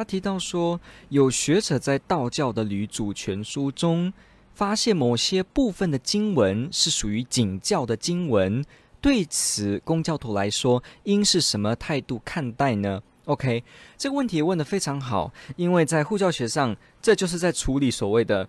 他提到說，有學者在道教的《呂祖全書》發現某些部分的經文是屬於景教的經文，對此，公教徒來說應是什麼態度看待呢？OK，這個問題問得非常好，因為在護教學上，這就是在處理所謂的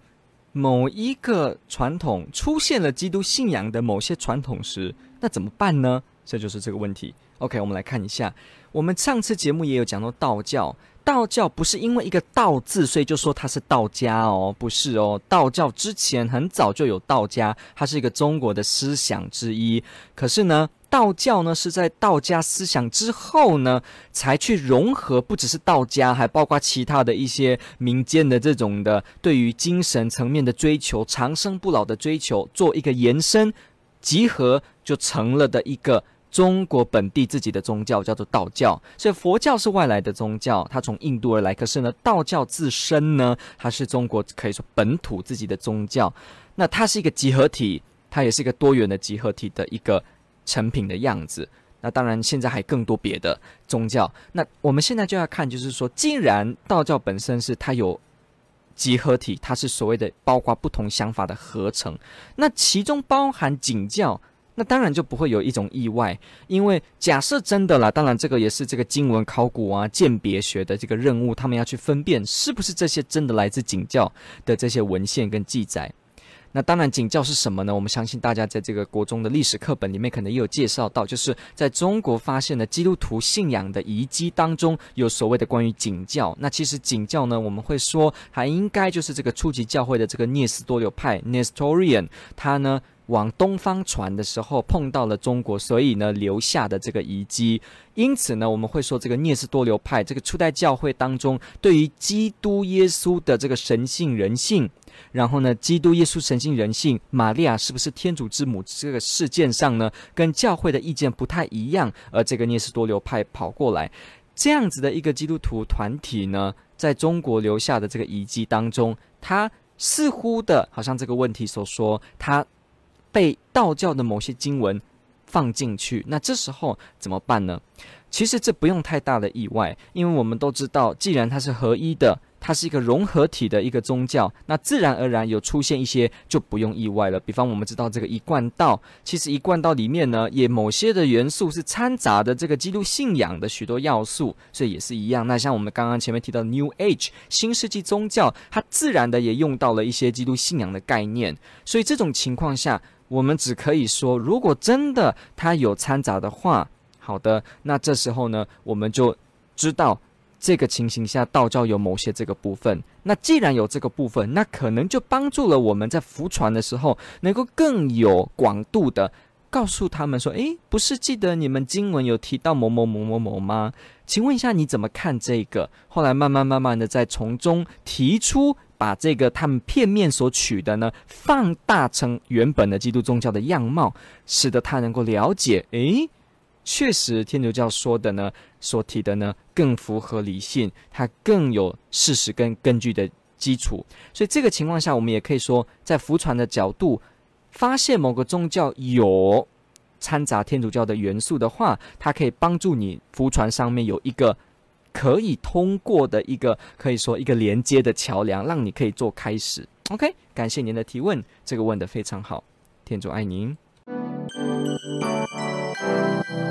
某一個傳統出現了基督信仰的某些傳統時，那怎麼辦呢？這就是這個問題。OK，我們來看一下，我們上次節目也有講到道教。道教不是因為一個“道”字，所以就說它是道家哦，不是哦。道教之前很早就有道家，它是一個中國的思想之一。可是呢，道教呢是在道家思想之後呢，才去融合，不只是道家，還包括其他的一些民間的這種的對於精神層面的追求、長生不老的追求，做一個延伸、集合就成了的一個。中國本地自己的宗教叫做道教，所以佛教是外來的宗教，它從印度而來。可是呢，道教自身呢，它是中國可以說本土自己的宗教。那它是一個集合體，它也是一個多元的集合體的一個成品的樣子。那當然，現在還更多別的宗教。那我們現在就要看，就是說，既然道教本身是它有集合體，它是所謂的包括不同想法的合成，那其中包含景教。那當然就不會有一種意外，因為假設真的啦，當然這個也是這個經文考古啊、鑑別學的這個任務，他們要去分辨是不是這些真的來自景教的這些文獻跟記載。那當然，景教是什麼呢？我們相信大家在這個國中的歷史課本裡面可能也有介紹到，就是在中國發現的基督徒信仰的遺跡當中，有所謂的關於景教。那其實景教呢，我們會說還應該就是這個初級教會的這個聶斯多留派 （Nestorian），他呢。往東方傳的時候碰到了中國，所以呢留下的這個遺跡。因此呢，我們會說這個聶斯多流派這個初代教會當中，對於基督耶穌的這個神性、人性，然後呢，基督耶穌神性、人性，瑪利亞是不是天主之母這個事件上呢，跟教會的意見不太一樣。而這個聶斯多流派跑過來，這樣子的一個基督徒團體呢，在中國留下的這個遺跡當中，他似乎的好像這個問題所說他。被道教的某些經文放進去，那這時候怎麼辦呢？其實這不用太大的意外，因為我們都知道，既然它是合一的。它是一個融合體的一個宗教，那自然而然有出現一些就不用意外了。比方我們知道這個一貫道，其實一貫道裡面呢也某些的元素是摻雜的這個基督信仰的許多要素，所以也是一樣。那像我們剛剛前面提到的 New Age，新世紀宗教，它自然的也用到了一些基督信仰的概念。所以這種情況下，我們只可以說，如果真的它有摻雜的話，好的，那這時候呢我們就知道。這個情形下，道教有某些這個部分。那既然有這個部分，那可能就幫助了我們在福傳的時候，能夠更有廣度的告訴他們說，誒，不是記得你們經文有提到某某某某某嗎？請問一下你怎麼看這個？後來慢慢慢慢的，在從中提出把這個他們片面所取的呢，放大成原本的基督宗教的樣貌，使得他能夠了解，誒。確實，天主教說的呢，所提的呢，更符合理性，它更有事實跟根據的基礎。所以這個情況下，我們也可以說，在福傳的角度，發現某個宗教有摻雜天主教的元素的話，它可以幫助你福傳上面有一個可以通過的一個可以說一個連接的橋梁，讓你可以做開始。OK，感謝您的提問，這個問得非常好，天主愛您。嗯